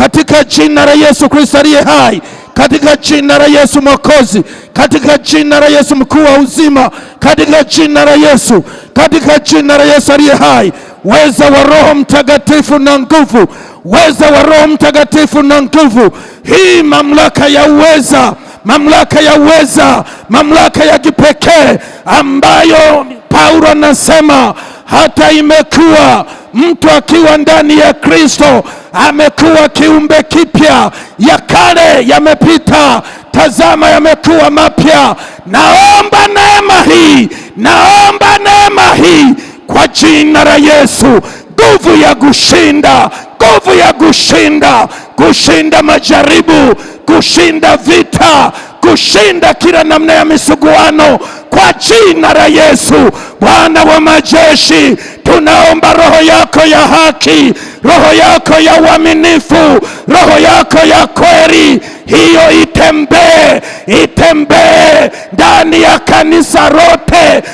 katika jina la Yesu Kristo aliye hai, katika jina la Yesu Mwokozi, katika jina la Yesu mkuu wa uzima, katika jina la Yesu, katika jina la Yesu aliye hai, weza wa Roho Mtakatifu na nguvu, weza wa Roho Mtakatifu na nguvu, hii mamlaka ya uweza, mamlaka ya uweza, mamlaka ya kipekee ambayo Paulo anasema hata imekuwa Mtu akiwa ndani ya Kristo amekuwa kiumbe kipya, ya kale yamepita, tazama yamekuwa mapya. Naomba neema hii, naomba neema hii kwa jina la Yesu, nguvu ya kushinda, nguvu ya kushinda, kushinda majaribu, kushinda vita, kushinda kila namna ya misuguano kwa jina la Yesu. Bwana wa majeshi, tunaomba roho yako ya haki, roho yako ya uaminifu, roho yako ya kweli, hiyo itembee, itembee ndani ya kanisa lote.